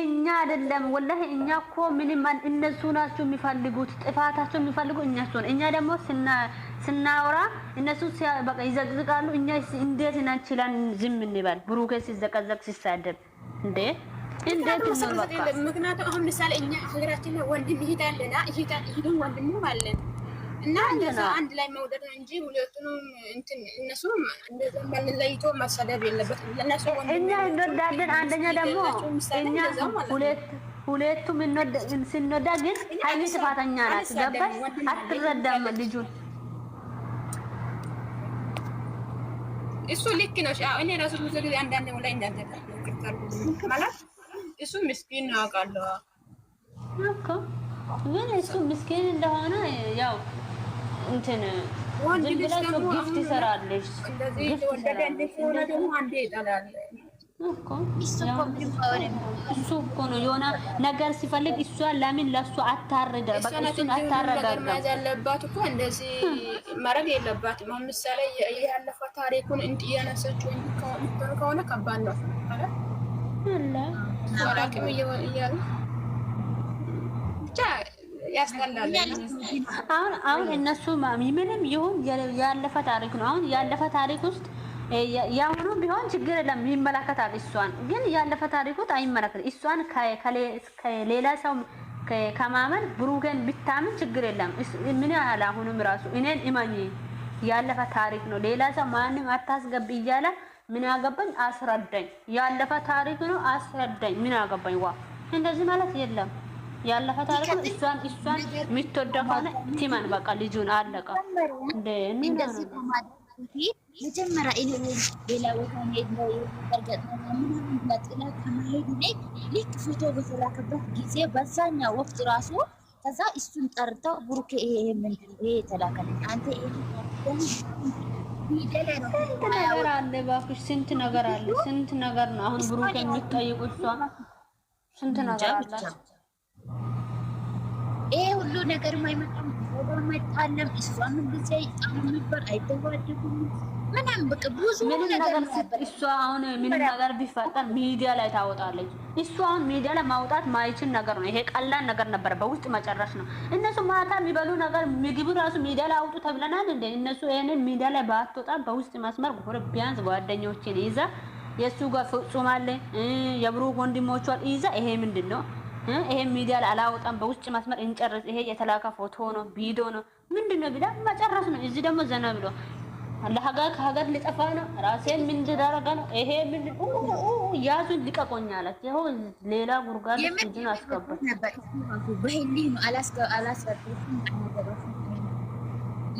እኛ አይደለም ወላሂ፣ እኛ እኮ ምንም እነሱ ናቸው የሚፈልጉት፣ ጥፋታቸው የሚፈልጉ እኛሱ። እኛ ደግሞ ስናወራ እነሱ በቃ ይዘቅዝቃሉ። እኛ እንዴት ናችላን ዝም እንባል? ብሩኬ ሲዘቀዘቅ ሲሳደብ እንዴ እንዴት ነው? ምክንያቱም አሁን ምሳሌ እኛ ሀገራችን ወንድም ይሄዳለና ይሄዳል ይሄዱ ወንድም አለን እና እንደዛ አንድ ላይ መውደድ ነው እንጂ ሁለቱንም እንትን እነሱም እንደዛ ለይቶ መሰደብ የለበትም። እኛ እንወዳለን። አንደኛ ደግሞ እኛ ሁለቱም ስንወዳ፣ ግን ሀይሚ ጥፋተኛ ናት። ገባሽ? አትረዳም ልጁን እሱ ልክ ነው። እኔ ራሱ ብዙ ጊዜ አንዳንድ ላይ እንዳደረ ማለት እሱ ምስኪን ነው አውቃለሁ። ግን እሱ ምስኪን እንደሆነ ያው እንትን ወንድ ልጅ ይሰራለች። እሱ እኮ ነው የሆነ ነገር ሲፈልግ እሷ ለምን ለሱ አታርደ ያለባት እኮ እንደዚህ የለባትም። ምሳሌ ያለፈ ታሪኩን እንዲህ ያነሰችው ከሆነ ከባድ ነው አላቅም እያሉ ብቻ ያስጠላል። አሁን አሁን እነሱ ምንም ይሁን ያለፈ ታሪክ ነው። አሁን ያለፈ ታሪክ ውስጥ የአሁኑ ቢሆን ችግር የለም ይመለከታል። እሷን ግን ያለፈ ታሪክ ውስጥ እሷን ከሌላ ሰው ከማመን ብሩገን ብታምን ችግር የለም። ምን ያህል አሁንም ራሱ እኔን እመኝ ያለፈ ታሪክ ነው፣ ሌላ ሰው ማንም አታስገብ እያለ ምን ያገባኝ አስረዳኝ፣ ያለፈ ታሪክ ነው አስረዳኝ፣ ምን ያገባኝ ዋ እንደዚህ ማለት የለም። ያለፈ ታሪክ እሷን እሷን የምትወደው ከሆነ ቲመን በቃ ልጁን አለቀ። መጀመሪያ ሌላ ቦታ ልክ ፎቶ በተላከበት ጊዜ በዛኛ ወቅት ራሱ ከዛ እሱን ጠርተው ብሩኬ ይሄ ምንድን ይሄ የተላከልኝ አንተ ስንት ነገር አለ እባክሽ፣ ስንት ነገር አለ፣ ስንት ነገር ነው አሁን ብሩኬ የምትጠይቁ እሷ ስንት ነገር አለ ሁሉ ነገር አይመጣም። አይጣለም እሷ ምን ጊዜ አይጣሉም ነበር፣ አይደዋደጉም ምንም በቃ ብዙ ምንም ነገር እሷ አሁን ምንም ነገር ቢፈጠር ሚዲያ ላይ ታወጣለች። እሷ አሁን ሚዲያ ላይ ማውጣት ማይችል ነገር ነው። ይሄ ቀላል ነገር ነበር፣ በውስጥ መጨረሽ ነው። እነሱ ማታ የሚበሉ ነገር ምግብ ራሱ ሚዲያ ላይ አውጡ ተብለናል እንዴ? እነሱ ይሄንን ሚዲያ ላይ ባትወጣ በውስጥ መስመር ጉር ቢያንስ ጓደኞችን ይዛ የእሱ ጋር ፍጹም አለ የብሩክ ወንድሞቿን ይዛ ይሄ ምንድን ነው ይሄ ሚዲያ ላይ አላወጣም፣ በውጭ መስመር እንጨርስ፣ ይሄ የተላከ ፎቶ ነው ቪዲዮ ነው ምንድን ነው ቢላ መጨረስ ነው። እዚህ ደግሞ ዘና ብሎ ለሀገር ከሀገር ሊጠፋ ነው፣ ራሴን ምን እንዳደረገ ነው፣ ይሄ ምን ያዙን ሊቀቆኛለች። ይኸው ሌላ ጉርጋ ልጅን አስገባች። ነው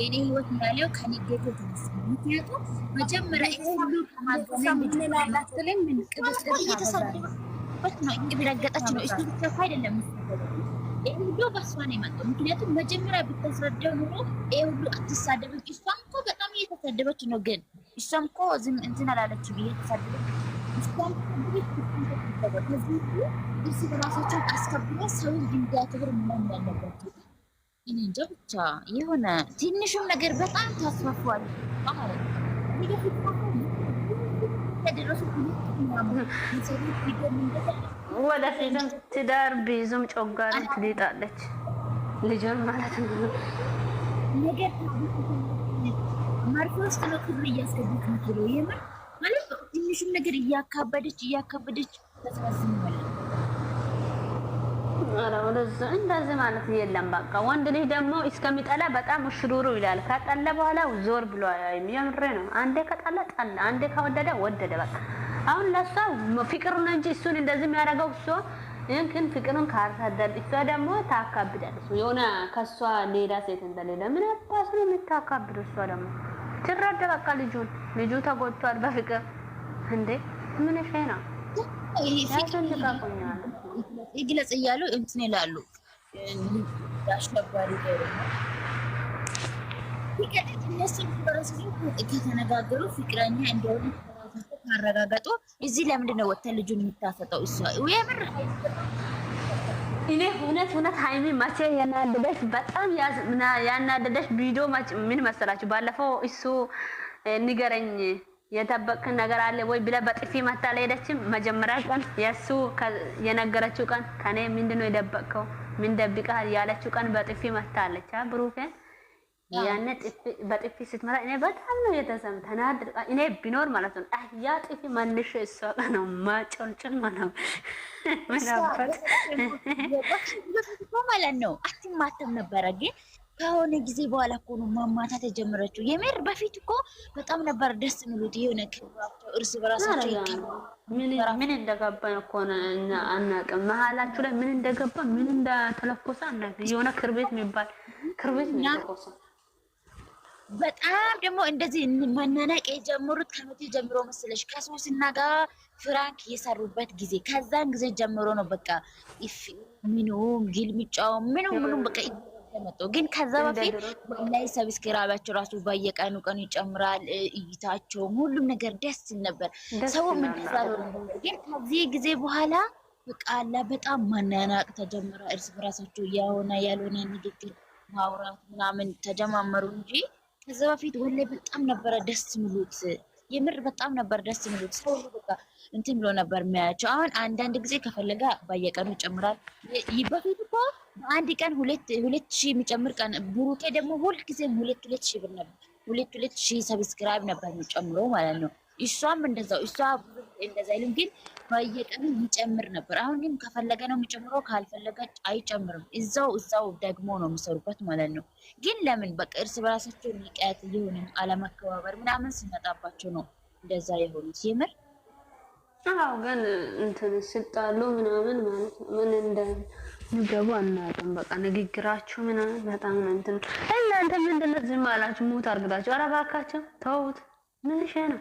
የኔ ህይወት እንዳለው ከንዴት የተነሳ ምክንያቱም መጀመሪያ ሁሉ ማገናኝ ልጅ ምን ነው እየረገጠች ነው እየረገጠች ነው። እሱ ብቻ አይደለም ይሄ ሁሉ በእሷ ነው የመጣው። ምክንያቱም መጀመሪያ ብታስረዳው ኑሮ ይሄ ሁሉ አትሳደብም። እሷም እኮ በጣም እየተሳደበች ነው፣ ግን እሷም እኮ ዝም እንትን አላለችም። እየተሳደበች እሷም ከዚህ እርስ በራሳቸውን አስከብሮ ሰውን እንዲያክብር ምናምን ያለባቸው እኔ እንጃ። ብቻ የሆነ ትንሹም ነገር በጣም ታስፋፋዋል ማለት ነው ወደፊትም ትዳር ቢይዙም ጮጋሪ ትልጣለች ልጆን ማለት ነው። ነገር እያካበደች እያካበደች እንደዚህ ማለት የለም። በቃ ወንድ ልጅ ደግሞ እስከሚጠላ በጣም ሽሩሩ ይላል። ከጠላ በኋላ ዞር ብሎ የምሬ ነው። አንዴ ከጠላ ጠላ፣ አንዴ ከወደደ ወደደ። በቃ አሁን ለሷ ፍቅሩ ነው እንጂ እሱን እንደዚህ የሚያደርገው እሱ እንክን ፍቅሩን ካርታደል እሷ ደግሞ ታካብዳለች። የሆነ ከሷ ሌላ ሴት እንደሌለ ምን አባስ ነው የምታካብደው? እሷ ደግሞ ትረዳ። በቃ ልጁን ልጁ ተጎድቷል በፍቅር እንዴ ምን ነው ይግለጽ እያሉ እንትን ይላሉ። አሸባሪ ከተነጋገሩ ፍቅረኛ እንደሆነ ካረጋገጡ እዚህ ለምንድን ነው ወተን ልጁን የሚታፈጠው? እሷ የምር እኔ እውነት እውነት ሀይሚ መቼ ያናደደች በጣም ያናደደች ቪዲዮ ምን መሰላችሁ? ባለፈው እሱ ንገረኝ የጠበቅ ነገር አለ ወይ ብለ በጥፊ መታ አልሄደችም። መጀመሪያ ቀን የእሱ የነገረችው ቀን ከኔ ምንድነው የደበቅከው ምን ደብቀሃል ያለችው ቀን በጥፊ መታለች። ብሩኬን ያኔ በጥፊ ስትመታ እኔ በጣም ነው የተሰማ ተናድር። እኔ ቢኖር ማለት ነው ያ ጥፊ መንሽ እሷ ጋር ነው ማጨልጭል ማለት ምናበት ማለት ነው። አትማተም ነበረ ግን ከሆነ ጊዜ በኋላ እኮ ነው ማማታት የጀመረችው። የምር በፊት እኮ በጣም ነበር ደስ የሚሉት የሆነ ክብራቸው እርስ በራሳቸው ምን እንደገባ እኮ አናውቅም። መሀላችሁ ላይ ምን እንደገባ ምን እንደተለኮሰ አናውቅም። የሆነ ክርቤት የሚባል ክርቤት የሚለኮሰ በጣም ደግሞ እንደዚህ መናነቅ የጀመሩት ከመቼ ጀምሮ መሰለሽ? ከሶስና ጋር ፍራንክ የሰሩበት ጊዜ ከዛን ጊዜ ጀምሮ ነው በቃ ምኑም ግልምጫው ምኑም ምኑም በቃ መጡ። ግን ከዛ በፊት ላይ ሰብስክራይባቸው ራሱ በየቀኑ ቀኑ ይጨምራል። እይታቸውም ሁሉም ነገር ደስ ነበር። ሰው ምንዛሮ ግን ከዚህ ጊዜ በኋላ በቃላ በጣም መናናቅ ተጀመረ። እርስ በራሳቸው የሆነ ያልሆነ ንግግር ማውራት ምናምን ተጀማመሩ እንጂ ከዛ በፊት ወላሂ በጣም ነበረ ደስ ምሉት የምር በጣም ነበር ደስ የሚሉት። ሰው በቃ እንትን ብሎ ነበር የሚያያቸው። አሁን አንዳንድ ጊዜ ከፈለገ በየቀኑ ይጨምራል። በፊት እኮ በአንድ ቀን ሁለት ሺህ የሚጨምር ቀን ብሩኬ ደግሞ ሁልጊዜም ሁለት ሁለት ሺህ ብር ነበር ሁለት ሁለት ሺህ ሰብስክራይብ ነበር የሚጨምረው ማለት ነው። እሷም እንደዛው እሷ እንደዛ ይልም ግን በየቀኑ ይጨምር ነበር። አሁን ግን ከፈለገ ነው የሚጨምረው፣ ካልፈለገ አይጨምርም። እዛው እዛው ደግሞ ነው የሚሰሩበት ማለት ነው። ግን ለምን በቃ እርስ በራሳቸው ንቀት ይሁንም አለመከባበር ምናምን ሲመጣባቸው ነው እንደዛ የሆኑ ሲምር አዎ። ግን እንትን ሲጣሉ ምናምን ማለት ነው ምን እንደ ምገቡ አናውቅም። በቃ ንግግራችሁ ምናምን በጣም እንትን። እናንተ ምንድን ነው ዝም አላችሁ? ሙት አርግታችሁ። አረባካቸው ተውት። ምንሽ ነው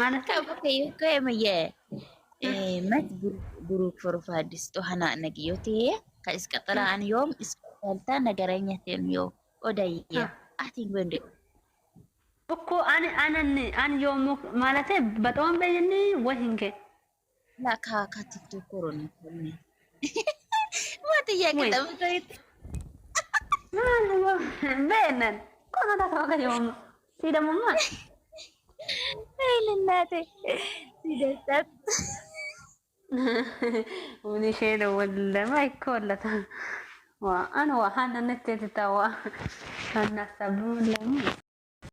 Maanatti abbootayyoo kaa'amayyaa mati guruf barbaaddistu hanaanagi yoo ta'e ka isqaxaraan yoom isqaxaltaa nagareenyatiin yoo odayya atiin gonde እኮ አን አንን አን ዮሙ ማለቴ በጣም በይኒ ወህንገ ላካ ከቲክቶክ ኮሮኒ ኮኒ ወጥ ያገጠምተይት ማለዋ በነን ቆና ታካከ ዮሙ ሲደሙማ ይልናቴ ሲደሰት ኡኒሼ ወለማ ይኮለታ ወአን ወሃና ነቴ ተታዋ ካናሰቡ ለሙ